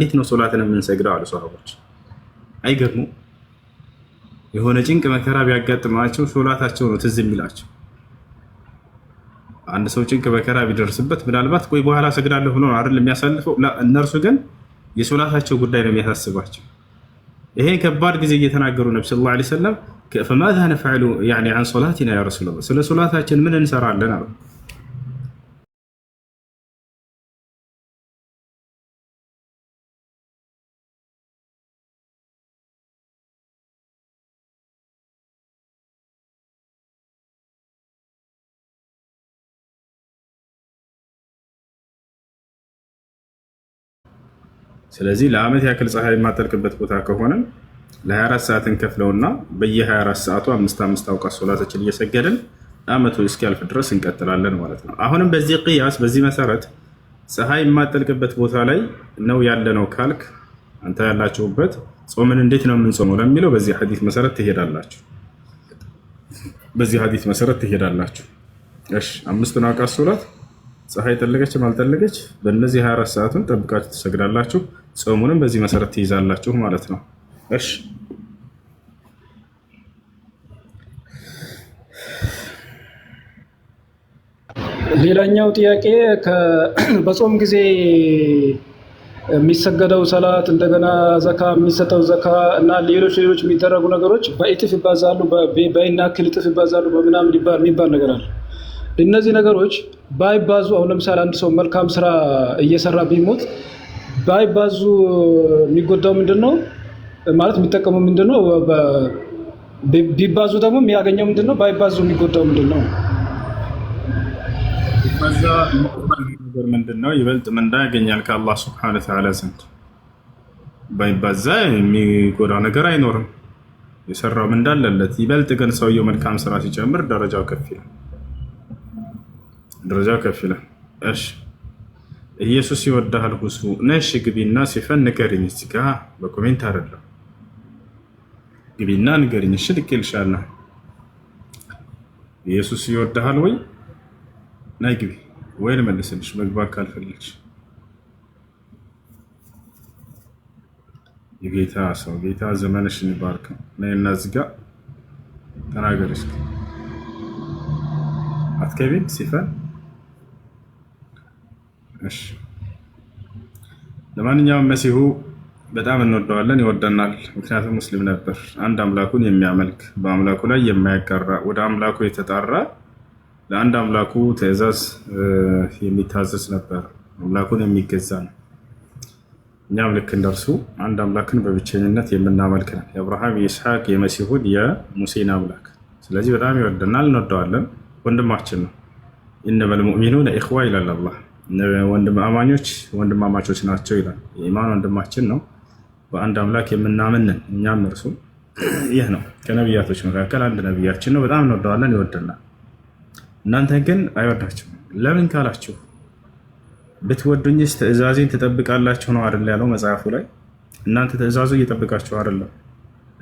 እንዴት ነው ሶላትን የምንሰግደው? አሉ ሰሃቦች። አይገርሙ የሆነ ጭንቅ መከራ ቢያጋጥማቸው ሶላታቸው ነው ትዝ የሚላቸው። አንድ ሰው ጭንቅ መከራ ቢደርስበት ምናልባት ቆይ በኋላ ሰግዳለሁ ብሎ አይደል የሚያሳልፈው። እነርሱ ግን የሶላታቸው ጉዳይ ነው የሚያሳስባቸው። ይሄን ከባድ ጊዜ እየተናገሩ ነብ ስለ ላ ሰለም ፈማዛ ነፍዐሉ ዐን ሶላቲና ያ ረሱላ ስለ ሶላታችን ምን እንሰራለን አሉ ስለዚህ ለአመት ያክል ፀሐይ የማጠልቅበት ቦታ ከሆነ ለ24 ሰዓትን ከፍለውና በየ24 ሰዓቱ አምስት አምስት አውቃት ሶላቶችን እየሰገድን ዓመቱ እስኪያልፍ ድረስ እንቀጥላለን ማለት ነው። አሁንም በዚህ ቅያስ በዚህ መሰረት ፀሐይ የማጠልቅበት ቦታ ላይ ነው ያለነው ካልክ አንተ ያላችሁበት ጾምን እንዴት ነው የምንጾመው ለሚለው በዚህ ሐዲስ መሰረት ትሄዳላችሁ። በዚህ ሐዲስ መሰረት ትሄዳላችሁ። እሺ አምስቱን አውቃት ሶላት ፀሐይ ጠለቀችም አልጠለቀች በእነዚህ 24 ሰዓቱን ጠብቃችሁ ትሰግዳላችሁ። ጾሙንም በዚህ መሰረት ትይዛላችሁ ማለት ነው። እሺ ሌላኛው ጥያቄ በጾም ጊዜ የሚሰገደው ሰላት፣ እንደገና ዘካ የሚሰጠው ዘካ እና ሌሎች ሌሎች የሚደረጉ ነገሮች በኢጥፍ ይባዛሉ፣ በይናክል እጥፍ ይባዛሉ፣ በምናምን የሚባል ነገር አለ። እነዚህ ነገሮች ባይባዙ አሁን ለምሳሌ አንድ ሰው መልካም ስራ እየሰራ ቢሞት ባይባዙ የሚጎዳው ምንድን ነው ማለት የሚጠቀመው ምንድን ነው? ቢባዙ ደግሞ የሚያገኘው ምንድን ነው? ባይባዙ የሚጎዳው ምንድን ነው? ነገር ምንድን ነው? ይበልጥ ምንዳ ያገኛል ከአላህ ስብሐነ ወተዓላ ዘንድ። ባይባዛ የሚጎዳው ነገር አይኖርም። የሰራው ምንዳ አለለት። ይበልጥ ግን ሰውየው መልካም ስራ ሲጨምር ደረጃው ከፍ ይላል። ደረጃው ከፍ ይላል። እሺ ኢየሱስ ይወዳሃል ሁሱ ነሽ ግቢና ሲፈን ንገርኝ። እዚህ ጋ በኮሜንት አይደለም ግቢና ንገርኝ። እሺ ልኬልሻለሁ። ኢየሱስ ይወዳሃል ወይ ናይ ግቢ ወይ ልመልስልሽ። መግባት ካልፈለግሽ የጌታ ሰው ጌታ ዘመንሽን ይባርክ። ነይና እዚህ ጋ ተናገርሽ። አትከቢም ሲፈን ለማንኛውም መሲሁ በጣም እንወደዋለን፣ ይወደናል። ምክንያቱም ሙስሊም ነበር። አንድ አምላኩን የሚያመልክ በአምላኩ ላይ የማያጋራ ወደ አምላኩ የተጣራ ለአንድ አምላኩ ትዕዛዝ የሚታዘዝ ነበር። አምላኩን የሚገዛ ነው። እኛም ልክ እንደርሱ አንድ አምላክን በብቸኝነት የምናመልክ ነው የአብርሃም የይስሐቅ፣ የመሲሁን፣ የሙሴን አምላክ። ስለዚህ በጣም ይወደናል፣ እንወደዋለን። ወንድማችን ነው። ኢነመል ሙእሚኑነ ኢኽዋ ይላል አላህ አማኞች ወንድማማቾች ናቸው ይላል። የኢማን ወንድማችን ነው። በአንድ አምላክ የምናምንን እኛም እርሱ ይህ ነው። ከነቢያቶች መካከል አንድ ነቢያችን ነው። በጣም እንወደዋለን፣ ይወደናል። እናንተ ግን አይወዳችሁም። ለምን ካላችሁ ብትወዱኝስ ትእዛዜን ትጠብቃላችሁ ነው አይደል ያለው መጽሐፉ ላይ። እናንተ ትእዛዙ እየጠብቃችሁ አይደለም።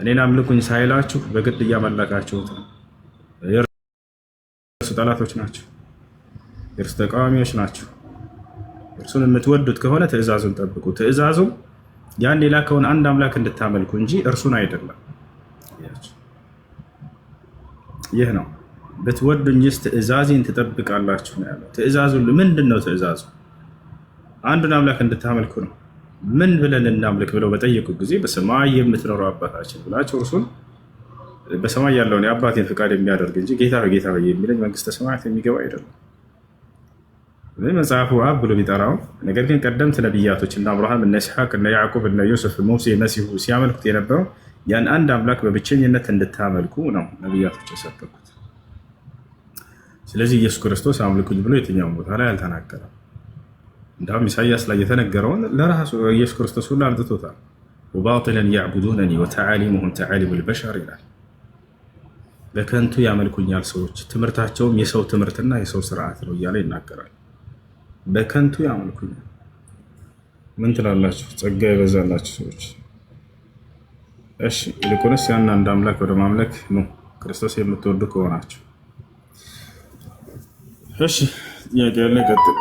እኔን አምልኩኝ ሳይላችሁ በግድ እያመለካችሁት ነው። የእርሱ ጠላቶች ናቸው፣ የእርሱ ተቃዋሚዎች ናቸው። እርሱን የምትወዱት ከሆነ ትእዛዙን ጠብቁ። ትእዛዙም ያን የላከውን አንድ አምላክ እንድታመልኩ እንጂ እርሱን አይደለም። ይህ ነው ብትወዱኝስ ትእዛዜን ትጠብቃላችሁ ነው ያለው። ትእዛዙ ምንድን ነው? ትእዛዙ አንዱን አምላክ እንድታመልኩ ነው። ምን ብለን እናምልክ ብለው በጠየቁ ጊዜ በሰማይ የምትኖረው አባታችን ብላቸው እርሱን በሰማይ ያለውን የአባቴን ፍቃድ የሚያደርግ እንጂ ጌታ ጌታ የሚለኝ መንግስተ ሰማያት የሚገባ አይደለም። መጽሐፉ አብ ብሎ ቢጠራው ነገር ግን ቀደምት ነቢያቶች እነ አብርሃም፣ እነ ኢስሐቅ፣ እነ ያዕቁብ፣ እነ ዮሴፍ፣ ሙሴ፣ መሲሁ ሲያመልኩት የነበረው ያን አንድ አምላክ በብቸኝነት እንድታመልኩ ነው ነቢያቶች የሰበኩት። ስለዚህ ኢየሱስ ክርስቶስ አምልኩኝ ብሎ የትኛውን ቦታ ላይ አልተናገረም። እንዳውም ኢሳያስ ላይ የተነገረውን ለራሱ ኢየሱስ ክርስቶስ ሁሉ አምጥቶታል። ወባጢለን ያዕቡዱነኒ ወተዓሊሙሁም ተዓሊሙ ልበሸር ይላል። በከንቱ ያመልኩኛል ሰዎች፣ ትምህርታቸውም የሰው ትምህርትና የሰው ስርዓት ነው እያለ ይናገራል። በከንቱ ያመልኩኝ። ምን ትላላችሁ? ጸጋ ይበዛላችሁ ሰዎች እሺ፣ ይልቁንስ ያን አንድ አምላክ ወደ ማምለክ ኑ፣ ክርስቶስ የምትወዱ ከሆናችሁ። እሺ፣ ጥያቄ ያለ ቀጥል።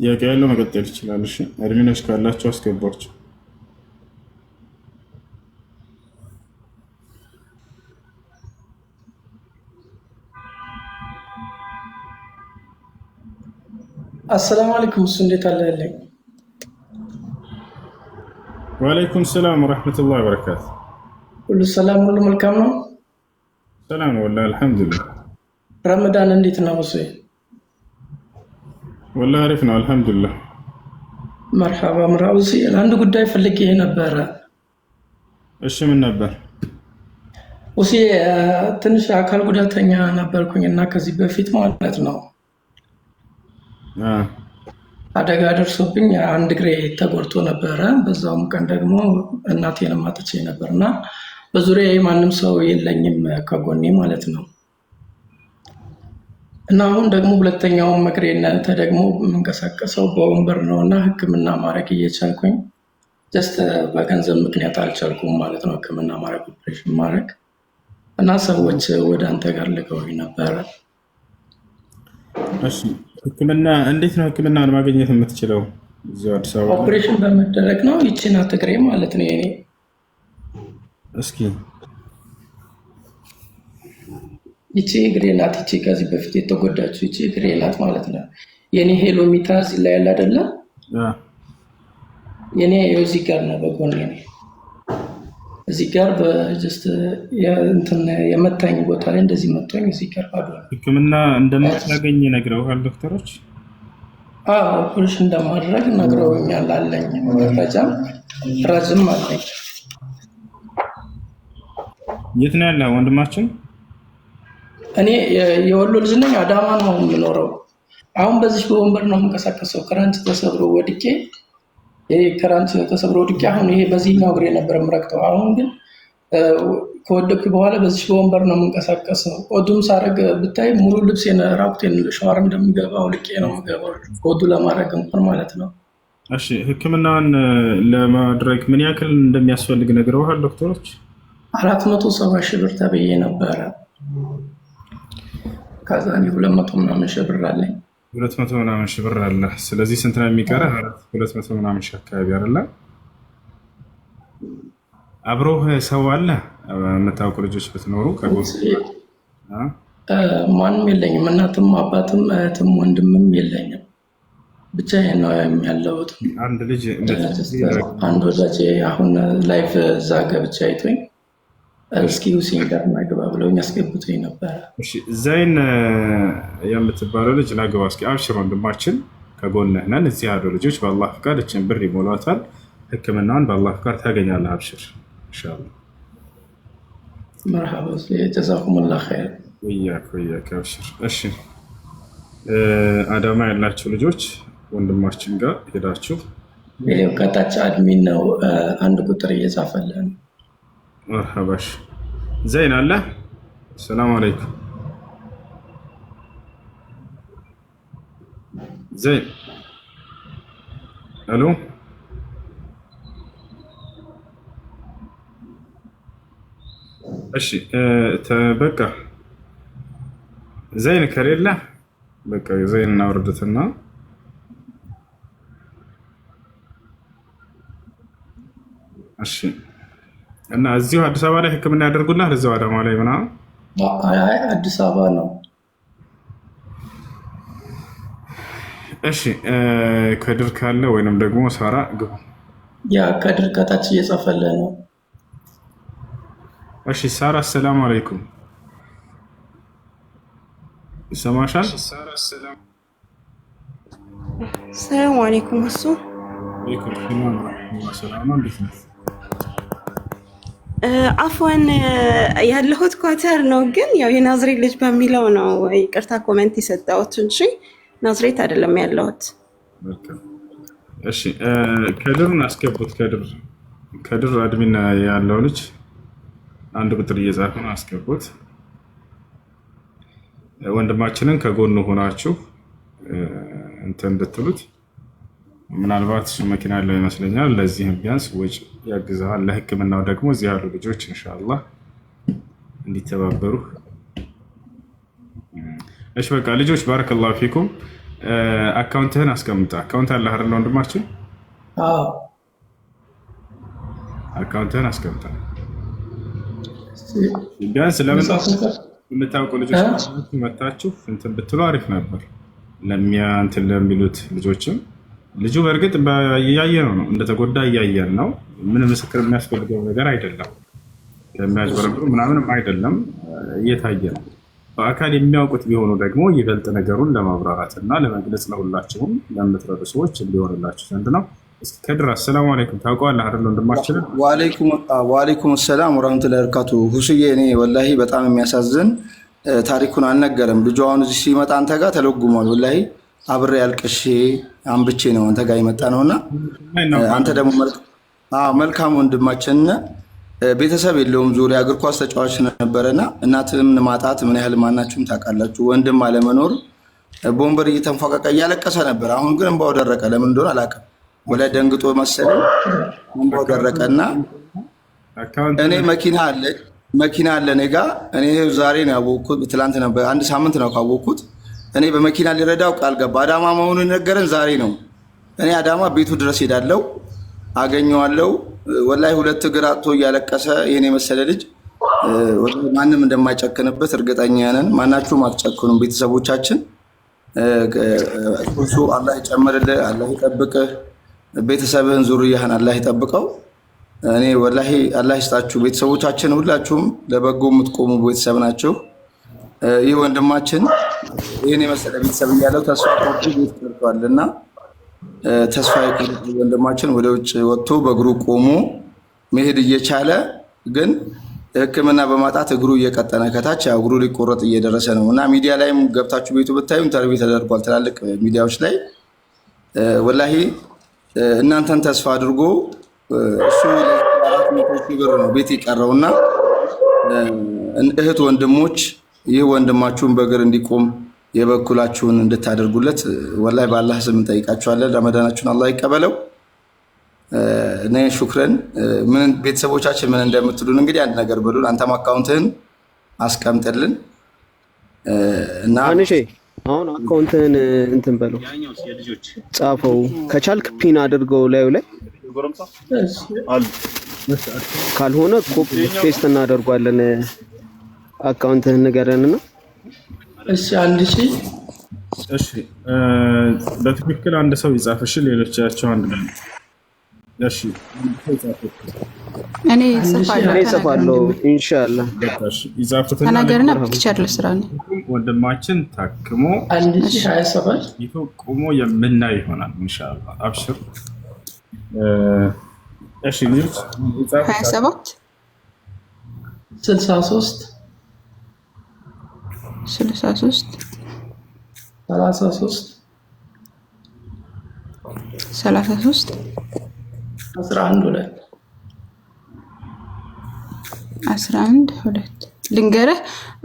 ጥያቄ ያለው መቀጠል ይችላል። እሺ፣ እድሜ ካላችሁ አስገባችሁ አሰላሙ አለይኩም። እሱ እንዴት አለለኝ ያለኝ። ወአለይኩም ሰላም ወረሕመቱላሂ ወበረካቱ። ሁሉ ሰላም፣ ሁሉ መልካም ነው። ሰላም ነው አልሐምዱሊላህ። ረመዳን እንዴት ነው? እሱ ወላሂ አሪፍ ነው አልሐምዱሊላህ። መርሓባ ምራው። አንድ ጉዳይ ፈልጌ ነበረ። እሺ፣ ምን ነበር? ውስዬ ትንሽ አካል ጉዳተኛ ነበርኩኝ እና ከዚህ በፊት ማለት ነው አደጋ ደርሶብኝ አንድ እግሬ ተጎድቶ ነበረ። በዛውም ቀን ደግሞ እናቴንም አጥቼ ነበር እና በዙሪያ ማንም ሰው የለኝም ከጎኔ ማለት ነው እና አሁን ደግሞ ሁለተኛውም እግሬን ተደግሞ የምንቀሳቀሰው በወንበር ነው እና ሕክምና ማድረግ እየቻልኩኝ ጀስት በገንዘብ ምክንያት አልቻልኩም ማለት ነው ሕክምና ማድረግ ኦፕሬሽን ማድረግ እና ሰዎች ወደ አንተ ጋር ልከውኝ ነበረ። ህክምና እንዴት ነው ህክምና ለማግኘት የምትችለው? እዚሁ አዲስ አበባ ኦፕሬሽን በመደረግ ነው። ይችና ትግሬ ማለት ነው የኔ እስኪ ይቺ እግሬ ናት። ይቺ ከዚህ በፊት የተጎዳችው ይቺ እግሬ ናት ማለት ነው። የኔ ሄሎሚታ እዚህ ላይ ያለ የኔ የዚህ ጋር ነው በጎን እዚህ ጋር የመታኝ ቦታ ላይ እንደዚህ መታኝ። እዚህ ጋር ባዶ ሕክምና እንደማታገኝ ነግረውሃል ዶክተሮች? አዎ ኦፕሬሽን እንደማድረግ ነግረውኛል። አለኝ መረጃ ረዝም አለኝ። የት ነው ያለ ወንድማችን? እኔ የወሎ ልጅ ነኝ። አዳማ ነው የምኖረው። አሁን በዚህ በወንበር ነው የምንቀሳቀሰው። ክረንት ተሰብሮ ወድቄ ይሄ ከራንት ተሰብሮ ወድቄ አሁን ይሄ በዚህኛው እግሬ ነበር የምረግጠው። አሁን ግን ከወደኩ በኋላ በዚህ በወንበር ነው የምንቀሳቀስ ነው። ቆዱም ሳረግ ብታይ ሙሉ ልብስ ራቁቴን ሸዋር እንደሚገባ አውልቄ ነው የምገባው። ቆዱ ለማድረግ እንኳን ማለት ነው። እሺ ህክምናን ለማድረግ ምን ያክል እንደሚያስፈልግ ነግረውሃል ዶክተሮች? አራት መቶ ሰባ ሺህ ብር ተብዬ ነበረ። ከዛ እኔ ሁለት መቶ ምናምን ሺህ ብር አለኝ። ሁለት መቶ ምናምን ሺህ ብር አለ። ስለዚህ ስንት ነው የሚቀረህ? ሁለት መቶ ምናምን ሺህ አካባቢ አለ። አብሮህ ሰው አለ የምታውቁ ልጆች ብትኖሩ ማንም የለኝም። እናትም አባትም እህትም ወንድምም የለኝም። ብቻዬን ነው ያለሁት። አንድ ልጅ አንድ ወዳጄ አሁን ላይፍ እዛ ገብቼ አይቶኝ እስኪ ሁሴን ጋር ናግባ ብለው ነበረ። ዘይን የምትባለው ልጅ ናግባ እስኪ አብሽር ወንድማችን፣ ከጎንህ ነን። እዚህ ያሉ ልጆች በአላህ ፍቃድ እችን ብር ይሞሏታል። ሕክምናውን በአላህ ፍቃድ ታገኛለህ። አብሽር ኢንሻላህ። ጀዛኩሙላ ኸይር። አብሽር። እሺ አዳማ ያላችሁ ልጆች ወንድማችን ጋር ሄዳችሁ፣ ከታች አድሚን ነው አንድ ቁጥር እየጻፈልን مرحبا زين الله السلام عليكم زين الو اشي آه، تبقى زين كريلا بكى زين نوردتنا اشي እና እዚሁ አዲስ አበባ ላይ ህክምና ያደርጉና እዚያው አዳማ ላይ ምናምን አዲስ አበባ ነው። እሺ ከድር ካለ ወይንም ደግሞ ሳራ ግቡ። ያ ከድር ከታች እየጸፈለ ነው። እሺ ሳራ፣ አሰላሙ አለይኩም ይሰማሻል? ሰላሙ አለይኩም እሱ ሰላም እንዴት ነው? አፏን ያለሁት ኳተር ነው፣ ግን ያው የናዝሬት ልጅ በሚለው ነው ይቅርታ ኮመንት የሰጠሁት እንጂ ናዝሬት አይደለም ያለሁት። እሺ ከድርን አስገቡት። ከድር ከድር አድሚን ያለው ልጅ አንድ ቁጥር እየጻፈ ነው፣ አስገቡት። ወንድማችንን ከጎኑ ሆናችሁ እንትን እንድትሉት ምናልባት መኪና ያለው ይመስለኛል። ለዚህም ቢያንስ ወጪ ያግዛሃል። ለህክምናው ደግሞ እዚህ ያሉ ልጆች እንሻላ እንዲተባበሩ። እሺ በቃ ልጆች፣ ባረከላሁ ፊኩም። አካውንትህን አስቀምጠ። አካውንት አለ አይደል ወንድማችን? አካውንትህን አስቀምጠ። ቢያንስ ለምን የምታውቁ ልጆች መታችሁ እንትን ብትሉ አሪፍ ነበር፣ ለሚያንትን ለሚሉት ልጆችም ልጁ በእርግጥ እያየ ነው ነው እንደተጎዳ እያየን ነው። ምን ምስክር የሚያስፈልገው ነገር አይደለም። ከሚያጭበረብሩ ምናምንም አይደለም፣ እየታየ ነው። በአካል የሚያውቁት ቢሆኑ ደግሞ ይበልጥ ነገሩን ለማብራራት እና ለመግለጽ ለሁላችሁም ለምትረዱ ሰዎች እንዲሆንላችሁ ዘንድ ነው። እስኪ ከድር አሰላሙ አለይኩም ታውቀዋለህ አይደል? ወንድማችንን ወአለይኩም ሰላም ወረህመቱላሂ ወበረካቱ። ሁስዬ እኔ ወላሂ በጣም የሚያሳዝን ታሪኩን አልነገረም ልጁ። አሁን እዚህ ሲመጣ አንተ ጋር ተለጉሟል ወላሂ አብሬ አልቅሼ አንብቼ ነው አንተ ጋር የመጣ ነውና አንተ ደግሞ መልካም ወንድማችን ቤተሰብ የለውም ዙሪያ እግር ኳስ ተጫዋች ነበረና እናትም ማጣት ምን ያህል ማናችሁም ታውቃላችሁ። ወንድም አለመኖር ቦምበር እየተንፏቀቀ እያለቀሰ ነበር። አሁን ግን እንባው ደረቀ። ለምን እንደሆነ አላውቅም። ወላሂ ደንግጦ መሰለኝ እንባው ደረቀና እኔ መኪና አለ መኪና አለ እኔ ጋ እኔ ዛሬ ነው ያወቅኩት። ትላንት ነበር አንድ ሳምንት ነው ካወቅኩት እኔ በመኪና ሊረዳው ቃል ገባ። አዳማ መሆኑ የነገረን ዛሬ ነው። እኔ አዳማ ቤቱ ድረስ ሄዳለው፣ አገኘዋለው። ወላይ ሁለት እግር አጥቶ እያለቀሰ ይህን የመሰለ ልጅ ማንም እንደማይጨክንበት እርግጠኛ ነን። ማናችሁም አትጨክኑም። ቤተሰቦቻችን ሱ አላህ ይጨምርልህ፣ አላህ ይጠብቅህ። ቤተሰብህን ዙርያህን አላህ ይጠብቀው። እኔ ወላሂ አላህ ይስጣችሁ። ቤተሰቦቻችን ሁላችሁም ለበጎ የምትቆሙ ቤተሰብ ናቸው። ይህ ወንድማችን ይህን የመሰለ ቤተሰብ እያለው ተስፋ ቆርጦ ቤት ቀርቷል እና ተስፋ የቆረጠ ወንድማችን ወደ ውጭ ወጥቶ በእግሩ ቆሞ መሄድ እየቻለ ግን ሕክምና በማጣት እግሩ እየቀጠነ ከታች እግሩ ሊቆረጥ እየደረሰ ነው እና ሚዲያ ላይም ገብታችሁ ቤቱ ብታዩ ኢንተርቪው ተደርጓል። ትላልቅ ሚዲያዎች ላይ ወላሂ እናንተን ተስፋ አድርጎ እሱ አራት መቶ ሺህ ብር ነው ቤት የቀረውና እህት ወንድሞች ይህ ወንድማችሁን በእግር እንዲቆም የበኩላችሁን እንድታደርጉለት ወላይ በአላህ ስም እንጠይቃችኋለን። ረመዳናችሁን አላህ ይቀበለው። እኔ ሹክረን ምን ቤተሰቦቻችን ምን እንደምትሉን እንግዲህ አንድ ነገር ብሉን። አንተም አካውንትህን አስቀምጥልን እና አሁን አካውንትህን እንትን በለው ጻፈው፣ ከቻልክ ፒን አድርገው ላዩ ላይ ካልሆነ ኮፒ ፔስት እናደርጓለን። አካውንትህን ንገረን ነው። እሺ አንድ ሺ እሺ፣ በትክክል አንድ ሰው ይጻፍ። እሺ፣ ያቸው አንድ ነው። እሺ፣ እኔ እጽፋለሁ ኢንሻአላህ። ተናገርና ፒክቸር ልስራ ነው። ወንድማችን ታክሞ ይቶ ቆሞ የምናይ ይሆናል ኢንሻአላህ። አብሽር። እሺ፣ ሀያ ሰባት ስልሳ ሶስት ስልሳ ሶስት ሰላሳ ሶስት ሰላሳ ሶስት አስራ አንድ ሁለት አስራ አንድ ሁለት ልንገርህ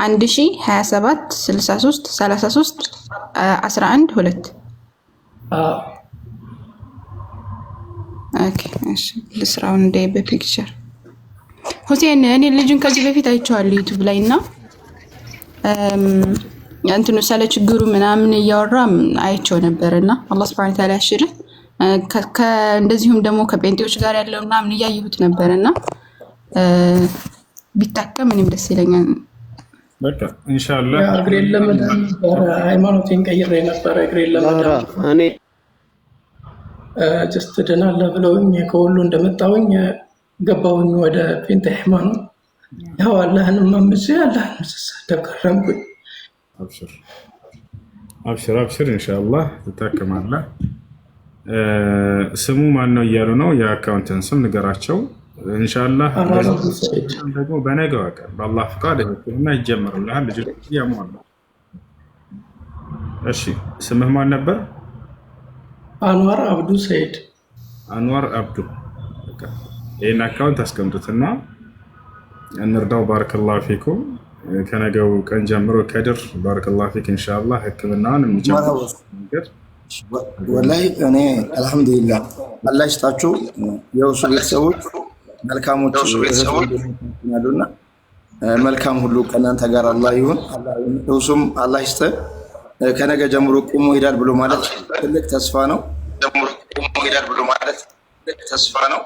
አንድ ሺ ሀያ ሰባት ስልሳ ሶስት ሰላሳ ሶስት አስራ አንድ ሁለት እንደ በፒክቸር ሁሴን እኔ ልጁን ከዚህ በፊት አይቼዋለሁ ዩቱብ ላይ እና እንትኑ ስለ ችግሩ ምናምን እያወራ አይቸው ነበር እና አላህ ስብሐነ ተዓላ ያሽርህ። እንደዚሁም ደግሞ ከጴንጤዎች ጋር ያለው ምናምን እያየሁት ነበር እና ቢታከም እኔም ደስ ይለኛል። ኢንሻላህ እግሬን ለመዳን ሃይማኖቴን ቀይሬ ነበረ። እግሬን ለመዳን ጀስት ድናለሁ ብለውኝ ከወሎ እንደመጣውኝ ገባውኝ ወደ ፔንጤ ሃይማኖት ያው አላህንም አምሴ አላህን ምስሳ ተቀረምኩኝ። አብሽር አብሽር፣ ኢንሻአላህ ትታከማለህ። ስሙ ማን ነው እያሉ ነው። የአካውንትን ስም ንገራቸው ኢንሻአላህ። ደግሞ በነገው ቀን በአላህ ፍቃድ እና ይጀመርልሃል። ልጅ ያሟሉ። እሺ ስምህ ማን ነበር? አንዋር አብዱ ሰይድ። አንዋር አብዱ። ይህን አካውንት አስቀምጡትና እንርዳው። ባርክላ ፊኩም። ከነገው ቀን ጀምሮ ከድር ባረከላ ፊክ እንሻላ ህክምናን የሚጀምር ወላይ እኔ አልሐምዱሊላ አላህ ይስጣችሁ። የእሱ ቤተሰቦች መልካሞች ያሉና መልካም ሁሉ ከእናንተ ጋር አላህ ይሁን። እሱም አላህ ይስጥ። ከነገ ጀምሮ ቁሞ ሄዳል ብሎ ማለት ትልቅ ተስፋ ነው። ቁሞ ሄዳል ብሎ ማለት ትልቅ ተስፋ ነው።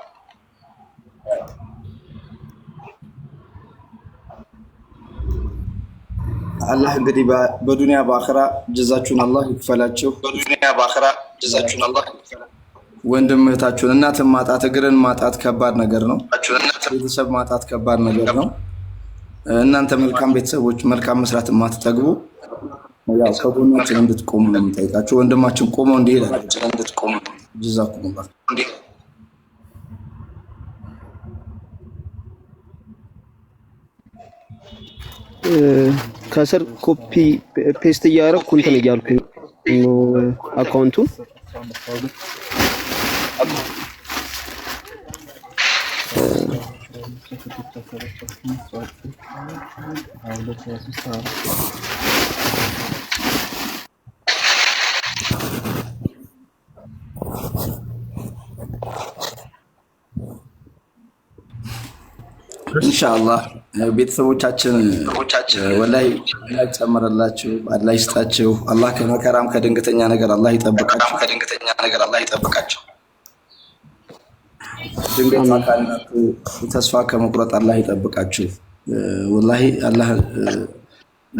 አላህ እንግዲህ በዱንያ በአኸራ ጀዛችሁን አላህ ይክፈላችሁ። በዱንያ በአኸራ ጀዛችሁን አላህ ይክፈላችሁ። ወንድም እህታችሁን እናትን ማጣት እግርን ማጣት ከባድ ነገር ነው። ቤተሰብ ማጣት ከባድ ነገር ነው። እናንተ መልካም ቤተሰቦች መልካም መስራት የማትጠግቡ ያው ከጎናችን እንድትቆሙ ነው የምንጠይቃችሁ። ወንድማችን ቆመው እንዲሄድ ጀዛኩም ከስር ኮፒ ፔስት እያደረኩ እንትን እያልኩኝ አካውንቱን ኢንሻአላህ ቤተሰቦቻችን ወላሂ አላህ ይጨምርላችሁ፣ አላህ ይስጣችሁ። አላህ ከመከራም ከድንገተኛ ነገር አላህ ይጠብቃችሁ። ከድንገተኛ ነገር አላህ ይጠብቃችሁ። ድንገት አካልናቱ ተስፋ ከመቁረጥ አላህ ይጠብቃችሁ። ወላሂ አላህ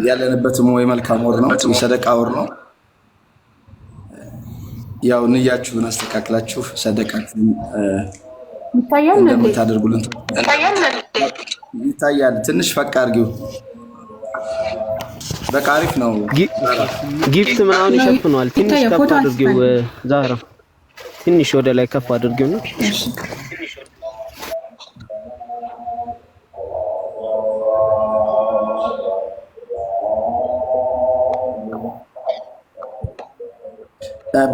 ያለንበትም ወይ መልካም ወር ነው፣ ሰደቃ ወር ነው። ያው ንያችሁን አስተካክላችሁ ሰደቃችሁን እንደምታደርጉልን ይታያል። ትንሽ ፈቅ አድርጊው። በቃ አሪፍ ነው። ጊፍት ምናምን ይሸፍነዋል። ትንሽ ከፍ አድርጊው ዛራ፣ ትንሽ ወደ ላይ ከፍ አድርጊው ነው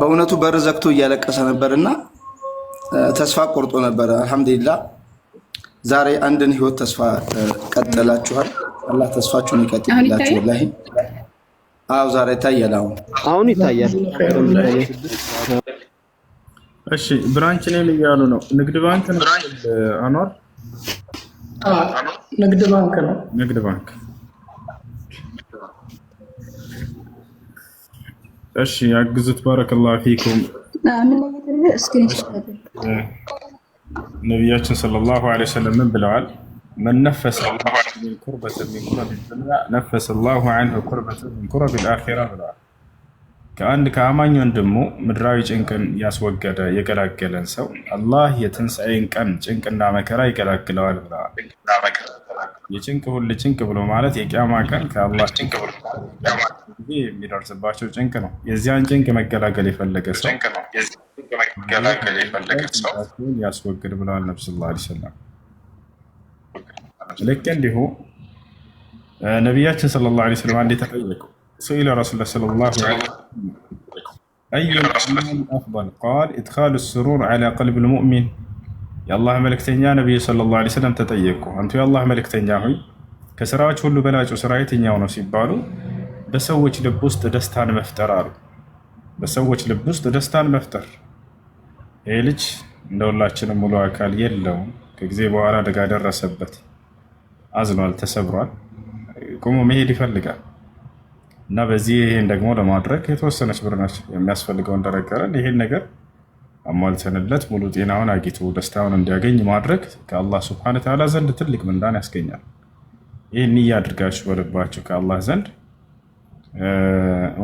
በእውነቱ በር ዘግቶ እያለቀሰ ነበር እና ተስፋ ቆርጦ ነበር። አልሐምዱሊላህ ዛሬ አንድን ህይወት ተስፋ ቀጥላችኋል። አላህ ተስፋችሁን ይቀጥላችሁ። ላይ አዎ፣ ዛሬ ይታያል። አሁን አሁን ይታያል። እሺ፣ ብራንች ነን እያሉ ነው። ንግድ ባንክ ነው አኗር፣ ንግድ ባንክ ነው። ንግድ ባንክ እሺ፣ ያግዙት። ባረከላሁ ፊኩም ነቢያችን ሰለላሁ ዐለይሂ ወሰለም ምን ብለዋል? መን ነፈሰ ሚን ኩርበትን ሚን ኩረብ ዱንያ ነፈሰ ላሁ አንሁ ኩርበትን ሚን ኩረብ ልአራ ብለዋል። ከአንድ ከአማኝ ወንድሙ ምድራዊ ጭንቅን ያስወገደ የገላገለን ሰው አላህ የትንሣኤን ቀን ጭንቅና መከራ ይገላግለዋል ብለዋል። የጭንቅ ሁል ጭንቅ ብሎ ማለት የቅያማ ቀን ከአላህ ጭንቅ የሚደርስባቸው ጭንቅ ነው። የዚያን ጭንቅ መገላገል የፈለገ ሰው መገላገል የፈለገ ሰው ያስወግድ ብለዋል ነቢ ስለ ሰለም። ልክ እንዲሁ ነቢያችን ስለ ላ ስለም አንድ የተጠየቁ ስኢለ ረሱል ስለ ላ አዩ ልአዕማል አፍል ቃል ኢድኻሉ ስሩር ዐላ ቀልብ ልሙእሚን የአላህ መልእክተኛ ነቢዩ ስለ ላ ስለም ተጠየቁ። አንቱ የአላህ መልእክተኛ ሆይ ከስራዎች ሁሉ በላጩ ስራ የትኛው ነው ሲባሉ በሰዎች ልብ ውስጥ ደስታን መፍጠር አሉ። በሰዎች ልብ ውስጥ ደስታን መፍጠር ይህ ልጅ እንደ ሁላችንም ሙሉ አካል የለውም። ከጊዜ በኋላ አደጋ ደረሰበት፣ አዝኗል፣ ተሰብሯል፣ ቁሞ መሄድ ይፈልጋል እና በዚህ ይሄን ደግሞ ለማድረግ የተወሰነች ብር ነች የሚያስፈልገውን እንደረገረን ነገር አሟልተንለት ሙሉ ጤናውን አግኝቶ ደስታውን እንዲያገኝ ማድረግ ከአላህ ስብሐነ ተዓላ ዘንድ ትልቅ ምንዳን ያስገኛል። ይህን እያድርጋችሁ በልባችሁ ከአላህ ዘንድ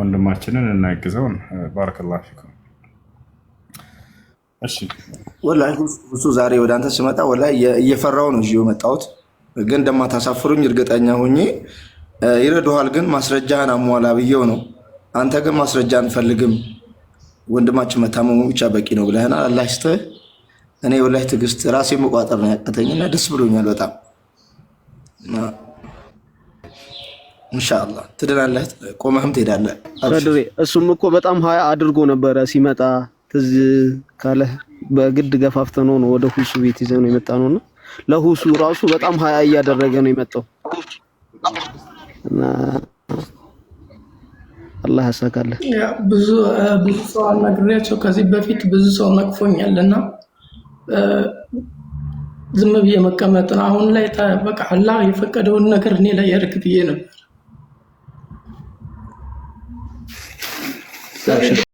ወንድማችንን እናግዘውን። ባረከላሁ ፊኩም ወላሂ እሱ ዛሬ ወደ አንተ ስመጣ ወላ እየፈራው ነው እዚሁ የመጣሁት፣ ግን እንደማታሳፍሩኝ እርግጠኛ ሆኜ ይረዱሃል፣ ግን ማስረጃህን አሟላ ብዬው ነው። አንተ ግን ማስረጃ አንፈልግም፣ ወንድማችን መታመሙ ብቻ በቂ ነው ብለህና አላህ ይስጥህ። እኔ ወላሂ ትዕግስት ራሴ መቋጠር ነው እና ደስ ብሎኛል በጣም እንሻላ ትድናለህ፣ ቆመህም ትሄዳለህ። እሱም እኮ በጣም ሀያ አድርጎ ነበረ ሲመጣ ትዝ ካለህ በግድ ገፋፍተነው ነው ወደ ሁሱ ቤት ይዘ ነው የመጣ ነውና ለሁሱ ራሱ በጣም ሀያ እያደረገ ነው የመጣው። አላህ ያሳካለ። ብዙ ብዙ ሰው አናግሬያቸው ከዚህ በፊት ብዙ ሰው ነቅፎኛል እና ዝም ብዬ መቀመጥ አሁን ላይ በቃ አላህ የፈቀደውን ነገር እኔ ላይ ያደርግ ብዬ ነበር።